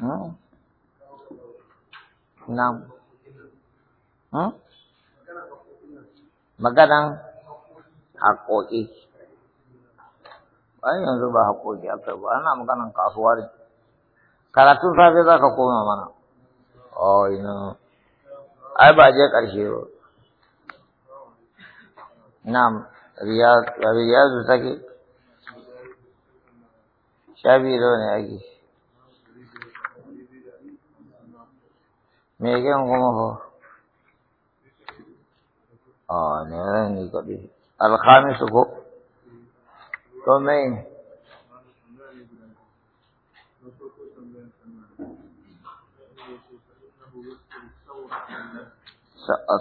Hmm? Nam. Hmm? Maganan haƙoƙi. Ai yanzu ba haƙoƙi aka ba, ana maganan kasuwa ne. Karatun safe za ka koma mana. Oh, ina. Ai ba je ƙarshe ba. Nam, riyazu take. Shabi ne ake. me kyan kuma ho a ah, ne ran ko to me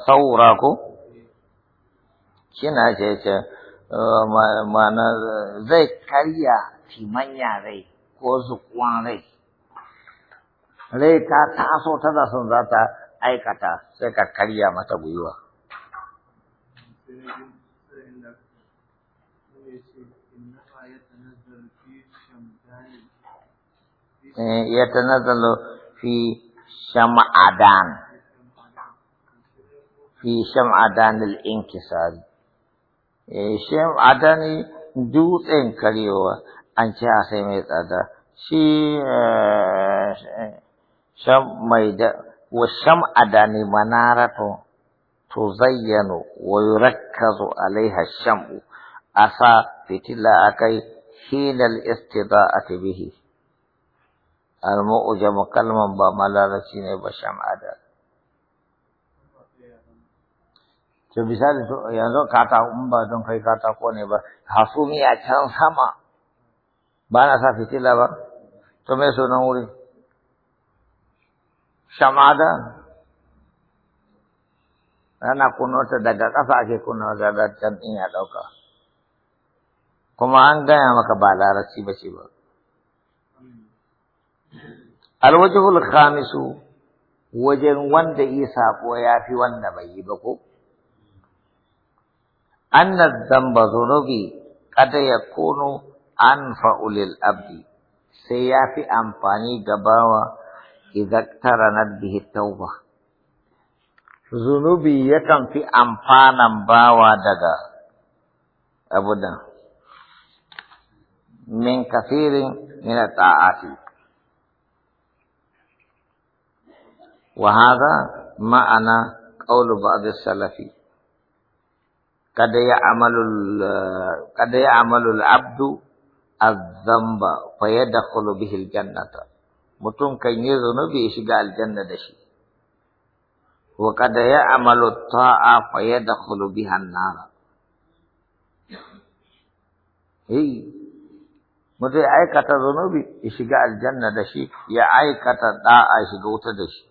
saura ko kina ce ce eh, zai karya timanya rai ko zuƙuwan rai rai ta taso tana son za ta aikata sai ka karya mata gwiwa. Eh, ya tanazzalu fi sham'adan fi sham'adan al-inkisari eh, dutsen karewa an ce a sai mai tsada shi eh, sham mai da wa sham adani manaratu tuzayyanu wa yurakkazu alaiha shamu asa fitila akai hinal istida'ati bihi al-mu'jamu kalman ba malalaci ne ba sham adani to misali to yanzu katako in ba don kai katako ne ba hasumi a can sama ba na sa fitila ba to me sunan wuri. shamadan ana ta daga ƙasa ake ta da can ɗin ya ɗauka kuma an gaya maka ba larasi ba ce ba alwajhul khamisu wajen wanda yi saƙo ya fi wanda bai yi ba ko anna zamba zunubi kada ya kono an fa'ulil abdi sai ya fi amfani gabawa إذا اقترنت به التوبة ذنوبي يكن في أمفانا باوا دغا أبدا من كثير من الطاعات وهذا ما أنا قول بعض السلفي قد قد يعمل العبد الذنب فيدخل به الجنه mutum kan yi zunubi ya shiga aljanna da shi wa ya amalu ta'a fa ya da kulubi hannara, Hei, mutum ya aikata zunubi ya shiga aljanna da shi ya aikata da'a shiga wuta da shi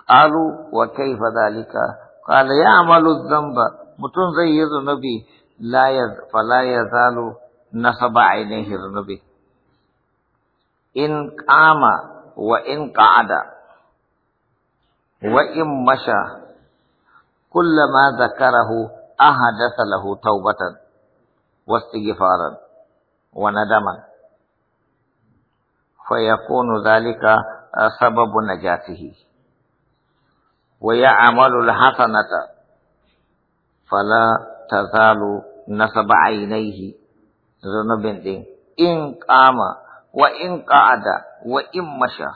wa kai fa قالوا وكيف ذلك قال يعمل الذنب متون زي ذنبي لا يز فلا يزال نصب ainihin zunubi? إن قام وإن قعد وإن مشى كلما ذكره أحدث له توبة واستغفارا وندما فيكون ذلك سبب نجاته ويعمل الحسنة فلا تزال نصب عينيه ذنوب إن قام وإن قعد وإن مشى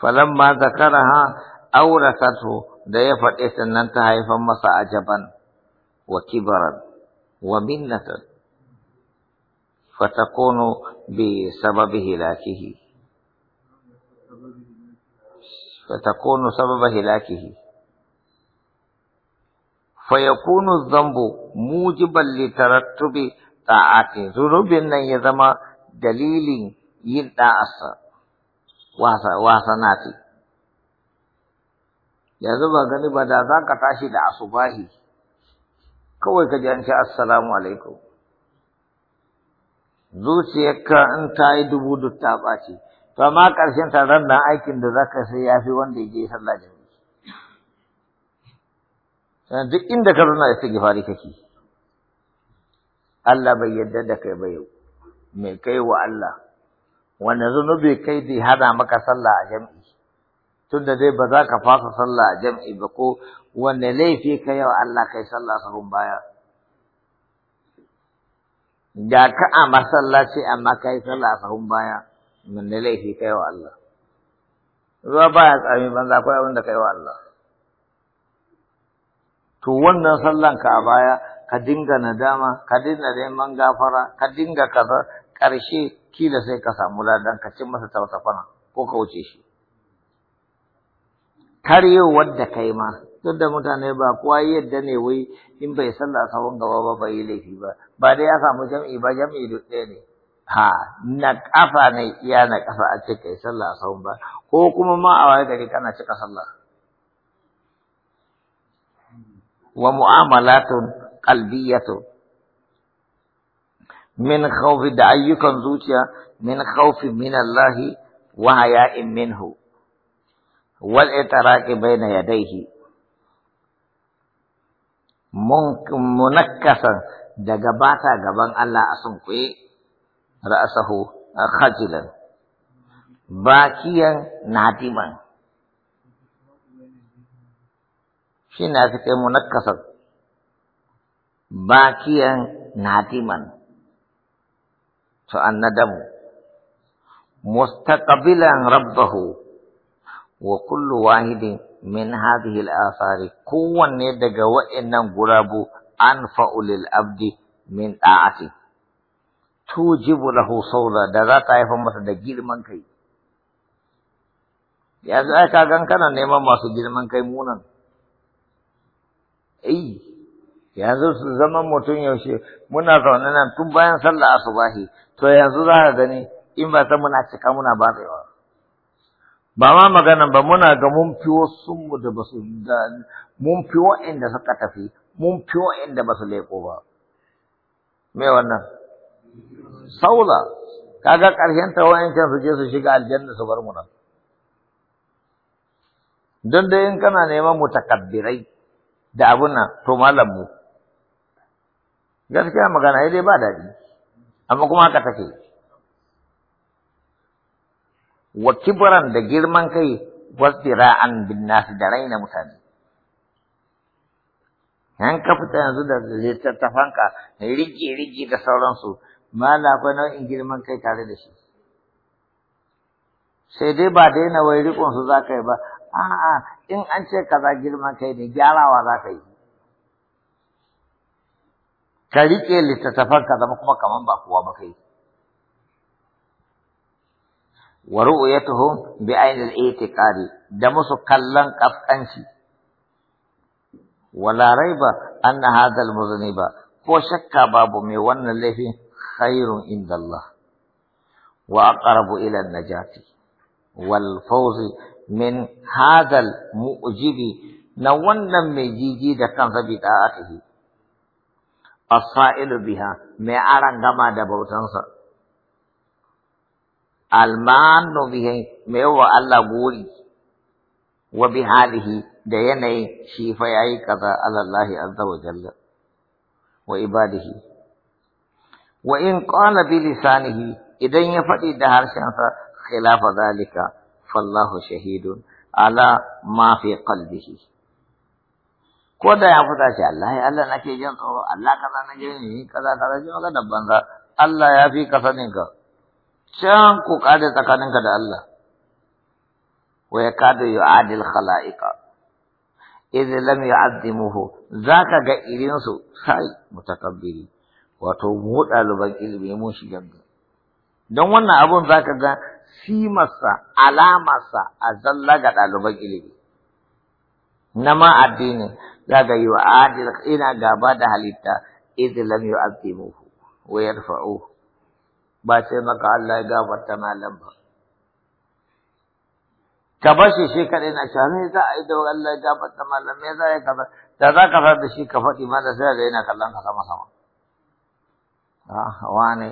فلما ذكرها أورثته ديفت إسن انتهى فمسى عجبا وكبرا ومنة فتكون بسبب هلاكه فتكون سبب هلاكه فيكون الذنب موجبا لترتب ta'ati zurubin nan ya zama dalilin yin ɗa'asa wasanati yanzu ba gani ba da za ka tashi da asubahi kawai ka ji an ce assalamu alaikum zuciyarka in ta yi dubu duk ta ɓaci to amma ƙarshen taron nan aikin da za ka sai ya fi wanda ya je sallah jami'i duk inda ka zauna gifari kake Allah bai yarda da kai ba yau me kai wa Allah wanda zunubi kai da hada maka sallah a jam'i tunda dai ba za ka fasa sallah a jam'i ba ko wanne laifi ka yau Allah kai sallah sahun baya da ka a masallaci amma kai sallah sahun baya wanne laifi ka yau Allah ruwa baya tsami banza akwai abin da kai wa Allah to wannan sallan ka a baya ka dinga nadama ka dinga neman gafara ka dinga kaza ƙarshe kila sai ka samu ladan ka cin masa tausafana ko ka wuce shi karyowar da kai ma duk da mutane ba kowa yadda ne wai in bai sallah sahun gaba ba bai yi laifi ba ba dai ya samu jam'i ba jam'i duk ɗaya ne ha na ƙafa ne iya na ƙafa a ce kai sallah sahun ba ko kuma ma a waye gari kana cika sallah wa mu'amalatun qalbiyatu min khawfi da ayyukan zuciya min khawfi min Allah wa haya'in minhu wal itaraqi baina yadayhi munakkasan daga bata gaban Allah a sunkuye ra'asahu khajilan bakiyan nadiman shi na aka ce munakkasan bakiyan nadiman to nadamu. mustaqbilan rabbahu wa kullu wahidi min hadhihi al-athari kowanne daga wa'annan gurabu anfa'u lil abdi min da'ati tujibu lahu sawla da za ta haifar masa da girman kai Ya ai ka kana neman masu girman kai munan yanzu su zama mutum yaushe muna zaune nan tun bayan sallah asubahi to yanzu za a gani in ba ta muna cika muna ba batsewa ba ma magana ba muna ga mun fi wasu mu da basu da mun fi wa'anda suka tafi mun fi wa'anda basu leko ba me wannan saula kaga karshen ta wa'ancan su je su shiga aljanna su bar mu nan don dai in kana neman mutakabbirai da abun nan to malam mu gaskiya magana dai ba daɗi amma kuma haka take wa kibran da girman kai wasdira'an bin da raina mutane yan ka fita yanzu da littattafanka rigi rigi da sauransu mala akwai nau'in girman kai tare da shi sai dai ba daina wai riƙonsu su za ka yi ba a'a in an ce kaza girman kai ne gyarawa za ka yi طریقے لیتے سفر کا دمک مکہ من باقوا بکی ورؤیتهم بعین الاعتقاد دمس کلن قفنسی ولا ريب ان هذا المذنب فشك باب من ون له خير عند الله واقرب الى النجاه والفوز من هذا المؤجب نون من جيجي دكان سبيتاته fasa'ilu biha mai aran gama da bautansa almanu bihi mai wa Allah guri wa bi halihi da yanayin shi fa yayi kaza alallahi azza wa jalla wa ibadihi wa in qala bi lisanihi idan ya faɗi da harshensa khilafa zalika fallahu shahidun ala ma fi qalbihi ko da ya fita shi Allah Allah nake jin tsoro Allah kaza na je ni kaza kaza ji maka dabban banza Allah ya fi ka sanin ka can ku tsakanin tsakaninka da Allah wa yu adil khalaika idh lam yu'azzimuhu zaka ga irin su sai mutakabbiri wato mu ɗaliban ilimi mun shiga don wannan abun zaka ga simarsa alamarsa a zalla ga ɗaliban ilimi na ma addini za ga yi wa adil ina gaba da halitta idan lam yu'azzimuhu wa yarfa'uhu ba sai maka Allah ya gafarta malam ba ka bar shi shi kaɗai na cewa me za a yi da Allah ya gafarta malam me za a yi kaza da za ka fara da shi ka faɗi ma da sai ga yana kallon ka sama sama ah wane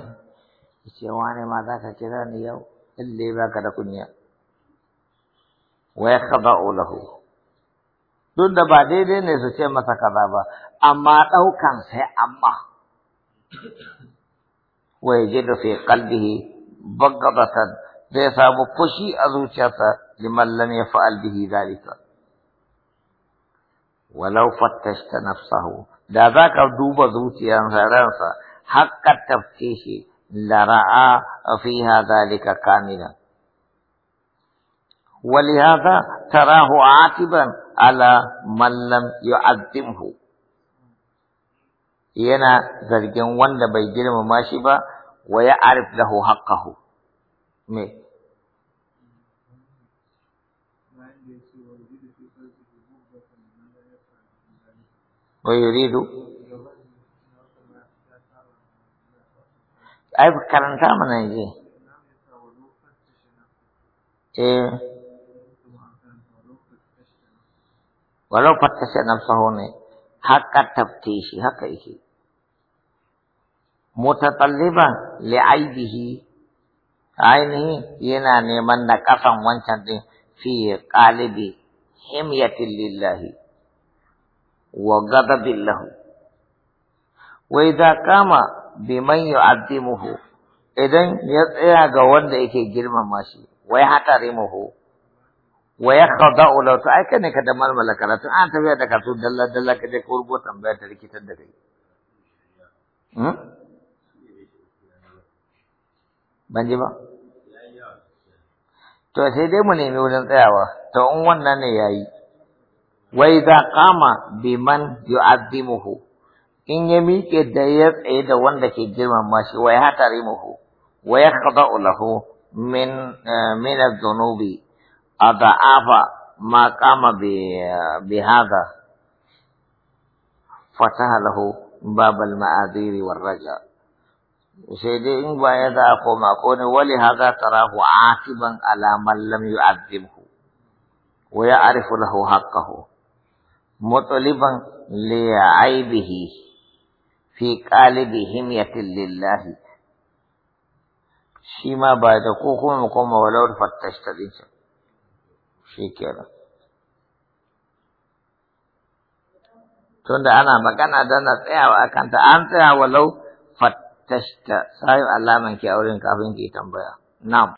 ce wane ma za ka kira ni yau in ba ka da kunya wa yakhda'u lahu duk da ba daidai ne su ce masa kaza ba amma ɗaukan sai amma wa yajidu fi qalbihi baghdatan zai samu fushi a zuciyarsa liman lam yaf'al bihi zalika walau fattashta nafsahu da zaka duba zuciyarsa ransa hakka taftishi lara'a fiha zalika kamilan ولهذا تراه atiban Ala من لم يعظمه yana zargin wanda bai girmama shi ba wa ya arif lahu haqqahu me wa yuridu ai karanta mana yanzu eh walau fattasha nafsahu ne haka taftishi haka yake mutatalliban li'aibihi ainihi yana neman na kafan wancan din fi qalibi himyatin lillahi wa ghadabin wa idza kama biman yu'azzimuhu idan ya tsaya ga wanda yake girmama shi wai muhu ويخضع لو تأكد أنك دمار ملكة لا تنعان تبعي آه، أنك تقول دلا دلا كده كوربو تنبع تركي تدري بانجي ما تو سيدي مني ميولن تأوى تو أمون ناني يأي وإذا قام بمن يعظمه إن يميك دير أيد وندك جرم ماشي ويحترمه ويخضع له من آه، من الذنوب أضعاف ما قام بهذا فتح له باب المآذير والرجاء سيدي إن بايد أقوم أكون ولهذا تراه عاتبا على من لم يعذبه ويعرف له حقه مطلبا لعيبه في قالب همية لله شيما بعد كوكو مقوم ولو فتشت دينشا shikenan tunda ana magana da na tsayawa akan ta an tsaya walau fattashta sai alaman ki auren kafin kiyi tambaya na'am